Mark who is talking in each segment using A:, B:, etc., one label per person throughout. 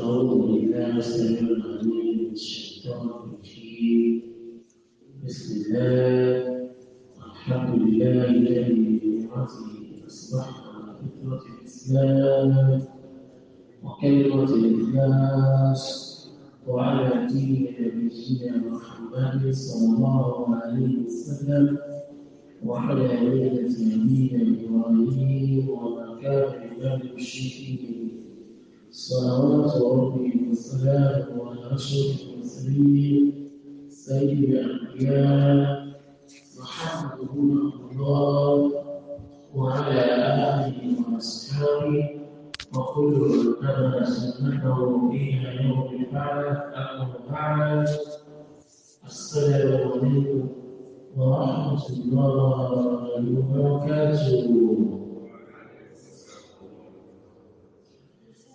A: أعوذ بالله من الشيطان الرجيم بسم الله الحمد لله الذي بنعمته أصبحنا على فطرة الإسلام وكلمة الإخلاص وعلى دين نبينا محمد صلى الله عليه وسلم وعلى ملة نبينا إبراهيم وما كان من المشركين
B: صلوات ربي
A: وسلامه على اشرف المرسلين سيد الانبياء محمد بن عبد الله وعلى اله واصحابه وكل من تبع سنته فيها يوم البعث او بعد السلام عليكم ورحمه الله وبركاته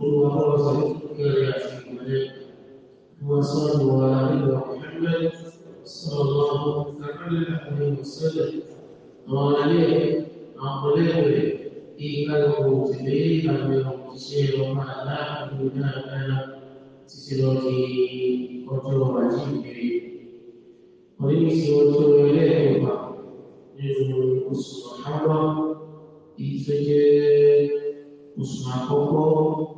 A: هو فرص لا يحسن عليه وصلوا على نبينا محمد صلى الله عليه وسلم وعليه عقله إيمانه تبين أنه تسير مع لا أبناءنا تسير في وجوه عجيبه
B: وليس وجوه إليهما
A: من أسرة حرة إذ جاء أسرة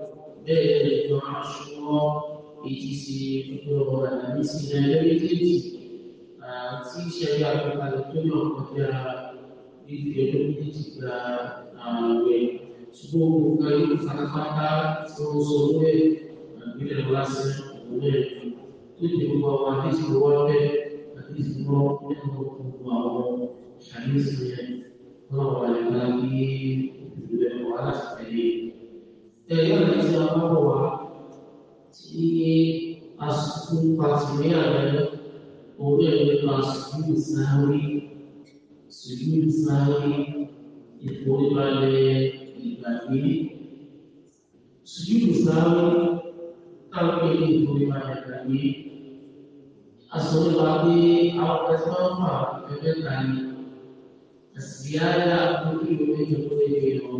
A: ee ee aṣọ ìtìsí ìfọ̀rọ̀ àdìsí ilẹ̀ méjèèjì àti ìṣẹ̀lẹ̀ àgbékalẹ̀ tó yàn kọjá ìdí ẹ̀rọ méjèèjì gba ààrẹ ṣùgbọ́n ó gbogbo ayé fàtàfàtà tó ń sọ wẹ́ àbí ẹ̀rọ láti ọ̀wẹ́ ẹ̀kọ́ tó ti gbogbo àwọn àdìsí ìwọ́ ọ̀fẹ́ àti ìṣúná nínú gbogbo àwọn ṣàlẹ́sì yẹn wọ́n wà nígbà bí ìlú ẹ̀kọ́ láti tẹ̀lé e. tẹ̀lé ọ̀nà tí a bá bọ̀ wá tí a sùn pàtìmí àrẹ òun ẹ̀ nípa sùúrù sáré sùúrù sáré ìforíbalẹ̀ ìgbàgbé sùúrù sáré káwé ní ìforíbalẹ̀ ìgbàgbé
B: asọ̀rọ̀lá pé
A: àwọn ẹ̀sán wà ẹgbẹ́ kan ní àsìyá omi ìjọba ìgbéyàwó.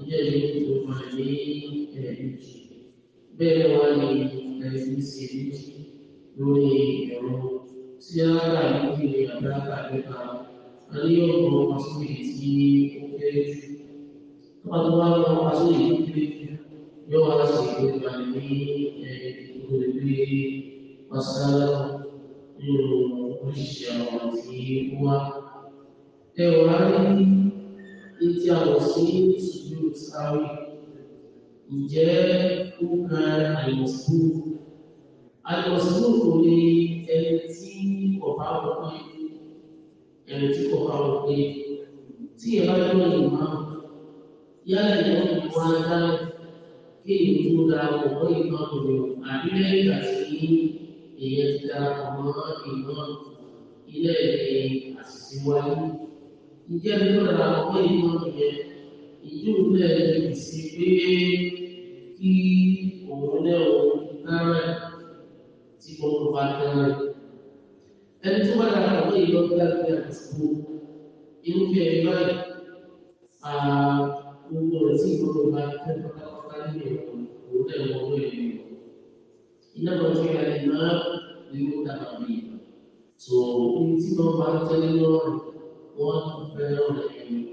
A: ìjẹ́lẹ̀ tó máa ní ẹ̀ẹ́dẹ́gbẹ̀jì bẹ́ẹ̀ wá ní ẹ̀sìn sí méjì lórí ẹ̀rọ tí a gbà lókè àdáàbà nípa àníyànjú ọmọ sórí tí ó kéré jù. Wọ́n ti wá lọ wá sórí tó kéré wá sí ìgbéga ní ẹ̀ẹ́dẹ́gbẹ̀jì lórí pàṣẹ nínú oríṣiríṣi àwọn tí ó wá. Ẹ wá ní etí àwọn sí méjì sujudu sahwi ǹjẹ́ ó kan àìmọ̀sùn àìmọ̀sùn kò ní ẹni tí kò bá wọ pé ẹni tí kò bá wọ pé tí ẹ bá yọ ìmọ̀ yálà ìwọ́n ti wá dáná kí èyí tó da ọ̀pọ̀ ìmọ̀ lòlò àbí lẹ́yìn àti èyẹ ti da ọmọ ìmọ̀ ilé ẹ̀ àṣìṣe wáyé ǹjẹ́ nígbà ọ̀pọ̀ ìmọ̀ yẹn èyí ò lè ṣe pé kí òun lé òun náà tí mo tó bá náà ẹni tó bá dára pé ìlọ́gbé àti àtìkú irúfẹ́ ẹ̀rí báyìí gbogbo rẹ̀ sí ìlú ọba ẹgbẹ́ pátápátá nílé òun náà wọ́n lé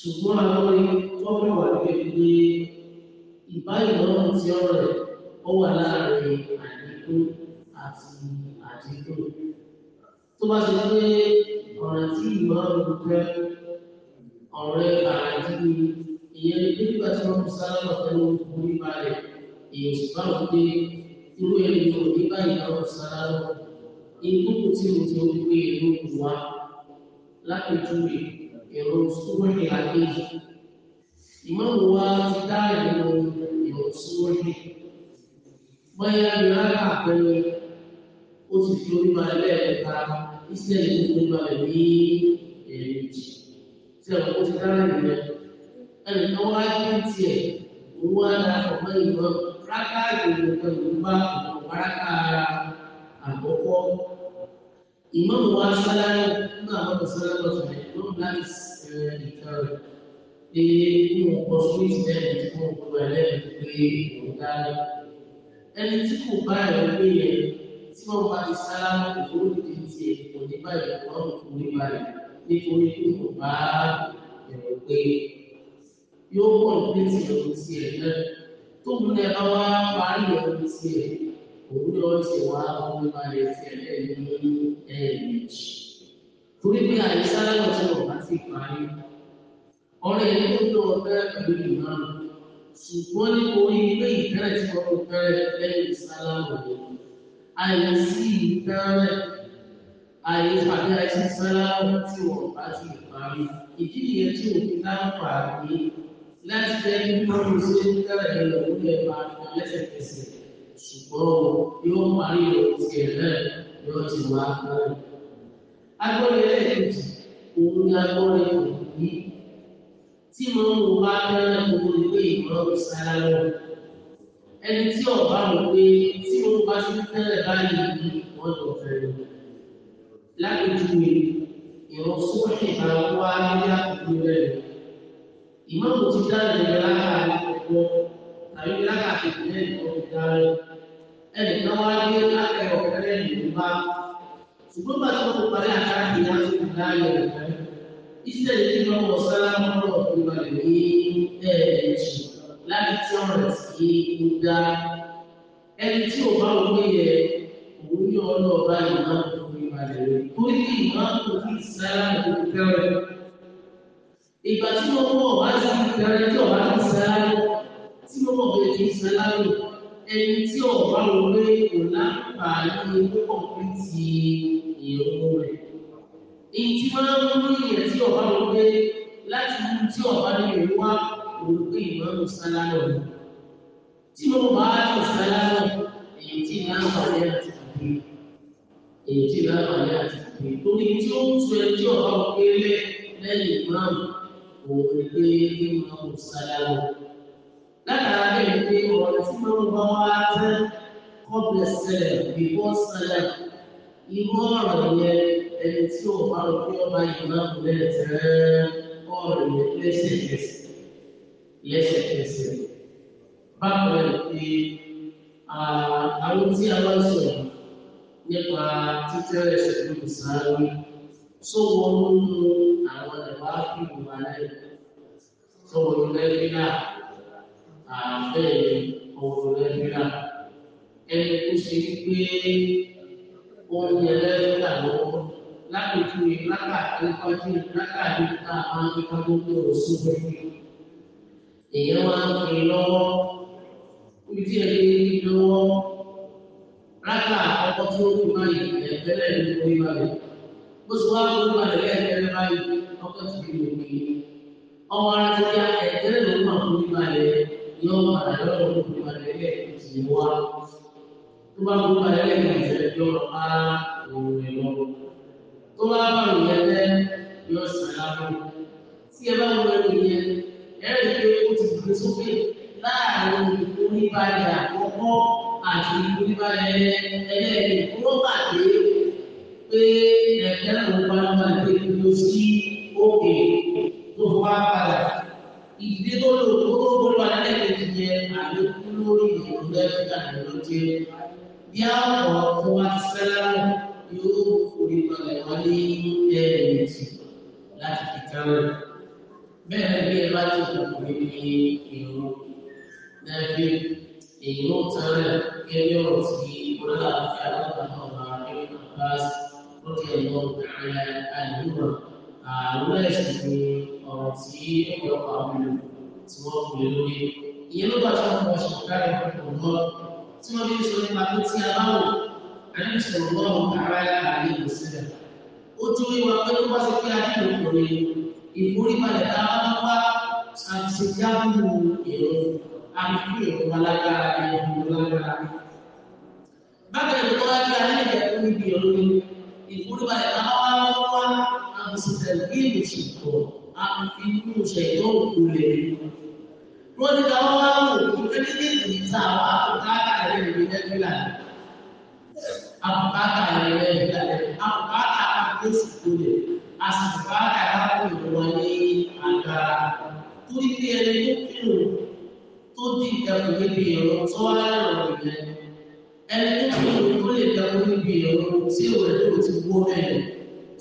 A: ṣùgbọ́n àwọn ìfọ́fẹ́ wà pẹ̀lú ìbáyìlọ́rùn tí ọ̀rọ̀ rẹ̀ ó wà láàrin àdínkù àti àdínkù. tó bá ṣe pé ọ̀ràn tí ìmọ̀ ọ̀rùn jẹ́ ọ̀rẹ́ àdínkù ìyẹn ní pé nígbà tí wọ́n mú sálámà pẹ̀lú orí balẹ̀ èèyàn sì bá wọn pé irú ẹni tó ní báyìí láwọn sálámà ìgbókùn tí mo ti ń gbé ìlú wa lápẹjúwe ìrun súnmọ́ni àkejì ìmáàmù wa ti dá ìrun ìrun súnmọ́ni bóyá ìrora àpẹẹrẹ ó ti fi orí balẹ̀ lẹ́ẹ̀kẹta ìṣẹ̀lẹ̀ tó fi balẹ̀ ní èrèjì tí a kò ti dá ìrìn ẹnì kan wá ní tiẹ̀ owó àdá ọ̀gbọ́n ìbọn rákà ìròyìn kan ìlú bá ọ̀gbọ́n rákà àkọ́kọ́. Imam wa ṣáláyà nígbà wọn kò sọ́yà lọ́sọ̀ rẹ̀ ló ń láì ìka rẹ̀ pé kí wọn kọ sí ìsẹ́yìn tí wọn kọ ẹlẹ́yìn pé kò dára. ẹni tí kò bá Di gbé yẹn tí wọn bá ti sálámà ìfowó ìdí ti ẹ̀ kò ní báyìí wọn kò ní báyìí nítorí pé kò bá ẹ̀rọ gbé yóò pọ̀ ní ti ẹ̀rọ ti ẹ̀ náà tó múlẹ̀ bá wá parí ẹ̀rọ ti ẹ̀ òun náà ti wá ọmọ balẹ̀ tí ẹlẹ́yìn ní ẹ̀ẹ̀mejì.
B: torí pé àìsàn ọ̀sẹ̀ ọ̀gá
A: ti parí ọ̀rẹ́ ẹni tó lọ bẹ́ẹ̀ pẹ̀lú ìmọ̀ ṣùgbọ́n nítorí ilé ìbẹ̀rẹ̀ tí wọ́n fi bẹ̀rẹ̀ lẹ́yìn ìsálámù rẹ̀ àìsí ìbẹ̀rẹ̀ àìpàdé àìsí sálámù tí wọ́n bá ti parí ìdí nìyẹn tí òfin láǹfààní láti fẹ́ kí wọ́n ṣe ń bẹ̀rẹ̀ ṣùgbọ́n yóò parí ìrètí ẹ̀ náà yóò ti wá náà. agbọ́dọ̀ ẹlẹ́ẹ̀kejì òun ni agbọ́dọ̀ ìwòyí tí mo ń wò bá dáná gbogbo ìwé ìmọ̀ràn sára lọ. ẹni tí ọ̀bá mo pé tí mo bá ti tẹ́lẹ̀ báyìí ní ìmọ̀ràn ọ̀fẹ́rẹ́ lápẹ̀júwe ìrọ̀ sókè àwọn wá nílé àkókò rẹ̀ ìmọ̀ràn ti dáná ìrẹ́lá àkọ́kọ́ tàbí lákàtì kò ní ìtọ́jú dáre ẹnì kan wá dé lákẹ́rọ̀ kẹ́rẹ́ ìlú bá ṣùgbọ́n bá tó kó parí àkàrà ìyá tó kù láàyè rẹ̀ iṣẹ́ yìí ló wọ sálámù ọ̀rọ̀ ìbàlẹ̀ ní ẹ̀ẹ́dẹ̀ẹ̀jì láti tí ọ̀rọ̀ sí ń dá ẹni tí ò bá wọlé yẹ òun ní ọlọ́ọ̀bá ìmáà tó ìbàlẹ̀ rẹ̀ torí kí ìmáà tó fi sálámù tó tí ó mọ̀ pé kì í ṣe láàyè ẹni tí ọ̀bá wo pé kò láǹfààní owó kọ̀ọ̀kan ti ìrún rẹ̀. Èyí tí wọ́n á mú ìyẹn tí ọ̀bá wo pé láti mú tí ọ̀bá ní ìrún wá òun pé ìmọ̀ràn sáláà rẹ̀. Tí mo bá tó sáláà èyí tí láǹfààní àti ìgbé èyí tí láǹfààní àti ìgbé torí tí ó ń tu ẹjọ́ ọ̀bá wo pé lẹ́yìn ìmọ̀ràn òun pé ìmọ̀ràn sáláà rẹ̀ látara bẹ́ẹ̀ pé ọ̀rọ̀ tí wọ́n bá wá tẹ́ kọ́bẹ̀ sẹlẹ̀ bíbọ́ sẹlẹ̀ irú ọ̀rọ̀ yẹn ẹni tí ò bá lọ pé ọba ìmáàmù bẹ́ẹ̀ tẹ́ ọ̀rọ̀ yẹn lẹ́sẹ̀kẹsẹ̀ lẹ́sẹ̀kẹsẹ̀ bákan ẹ̀ pé àwọn tí a bá sọ̀rọ̀ nípa títẹ́ ẹsẹ̀ tó kù sáré tó wọ́n mú àwọn ẹ̀wá fìlú wa náà tó wọ́n lẹ́yìn náà àbẹ́ ọ̀rọ̀ ẹ̀dá ẹni tó ṣe pé oúnjẹ ẹlẹ́dà lọ́wọ́ láti tu ìlákàtí kọjú ìlákàtí tá a máa ń fi kọjú tó o sí bẹ́ẹ̀. èèyàn máa ń fi lọ́wọ́ ojú ẹ̀ lé ní lọ́wọ́ rákà ọkọ̀ tí ó fi máa yìí ẹ̀fẹ́lẹ́ ní orí balẹ̀. bó ṣe wá fún balẹ̀ lẹ́ẹ̀kẹ́lẹ́ báyìí ọkọ̀ tí ó lè wí. ọmọ ara ti di ẹ̀fẹ́lẹ́ ló máa fún orí balẹ̀ yóò padà lọ́dọ̀ tó ti padà ilé ìtì wá. Tó bá gbogbo ayé lè kàn jẹ́ yóò lọ bá òun rẹ̀ lọ. Tó bá bá òun yẹn lẹ́ yóò sàn lábọ̀. Tí ẹ bá wọ ẹni yẹn, ẹ rí i pé ó ti dùn sókè láàrin oníbàdà àkọ́kọ́ àti oníbàdà ẹlẹ́ẹ̀kẹ́ tó pàdé pé ẹ̀kẹ́ náà ló bá lọ́wọ́ àti ètò sí òkè tó wá padà ìdílé tó lò tó tó gbọ́dọ̀ wà nílẹ̀ kejì yẹ àlékún lórí ìròyìn ẹ̀fíkà ló jẹ́ bí àwọn ọmọ wa ti sẹ́lẹ̀mù yóò forí balẹ̀ wọlé ẹ̀ẹ́dẹ̀ẹ̀tì láti fi kánú bẹ́ẹ̀ bí ẹ bá ti kọ̀ọ̀kan níbi ìrò lẹ́bí ìrò tẹ́lẹ̀ kẹ́lẹ́ ọ̀rọ̀ tí ìkọlá àti alábàámọ̀ ọ̀gá ẹ̀rọ bá lókè ẹ̀rọ àyà àyùmọ̀ ààrùn ẹ̀sìn ni ọ̀rọ̀ tí ọ̀pọ̀lọpọ̀ àwọn ènìyàn tí wọ́n kò lè lórí. Ìyẹn ló bá ṣe ń bọ̀ ṣàkárẹ̀ ọ̀pọ̀lọpọ̀ lọ tí wọ́n fi ń sọ nípa pé tí a bá wò àní sọ̀rọ̀ lọ́rùn ara ààyè ìgbésẹ̀. Ó tún rí wa pé tó bá ṣe pé adé lòkùnrin ìforíbalẹ̀ tá a bá wá àṣejáàbù èrò àfikún èrò alágbára a fi inú ṣẹ̀tọ́ òkú lẹ̀ nínú. Wọ́n ti ta wọ́n wá òkú kékeré yìí ta àwọn àpòkáàkà rẹ̀ lórí nẹ́gbẹ́lá. Àpòkáàkà rẹ̀ lẹ́gbẹ́lá rẹ̀. Àpòkáàkà àpòkó sùkú lẹ̀. Àsìkòkáàkà lápò ìwọ̀n ní agbára. Torí pé ẹni tó kírun tó di ìdàpọ̀ níbi ìrọ̀ tó wá lọ́rọ̀ ìyẹn. Ẹni tó kírun tó lè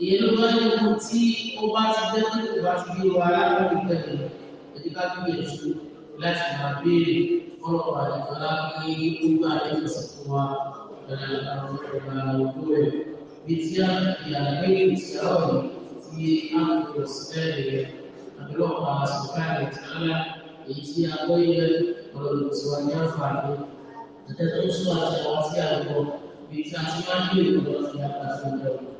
B: ilmu kunci
A: obat dan obat jiwa yang dikenal. Jadi kami Yesus belas nabi kalau ada lagi juga itu semua dalam Al-Quran itu. Bisa yang ini sekarang di Angkos Kali Angkos Kali Sekali Sekali Bisa yang ini Kalau suaranya Fahri Kita terus suaranya Bisa yang ini Kalau suaranya Fahri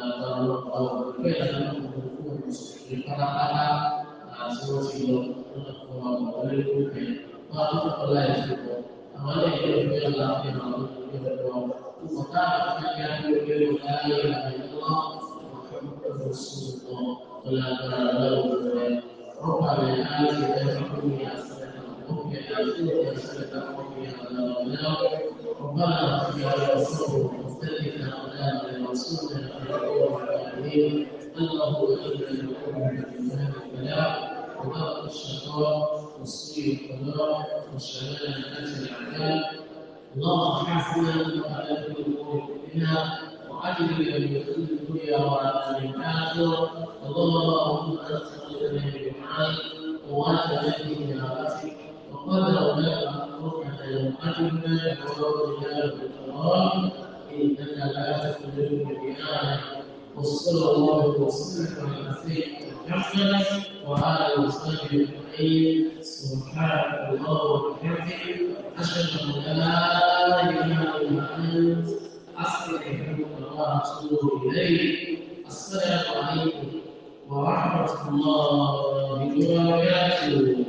A: Para sucio, para sucio, para sucio, para sucio, para para para para para el para ورسولنا وقوم العالمين انه الا يكون بالله البلاء وبرق الشقاء وسوء القضاء وشماتة الاعداء اللهم حفظنا وعلى كل امور بنا وعجل من كل الدنيا وعلى الاخره اللهم انت خلقنا بمعاد ووعد به برحمتك وقدر لنا حكمنا وعلمنا وقدر لنا بالقران انك لا تخرج بآية وصلى الله وسلم على سيدنا محمد وعلى اله وصحبه اجمعين سبحانك الله وبحمده اشهد ان لا اله الا انت استغفرك واتوب اليك السلام عليكم ورحمه الله وبركاته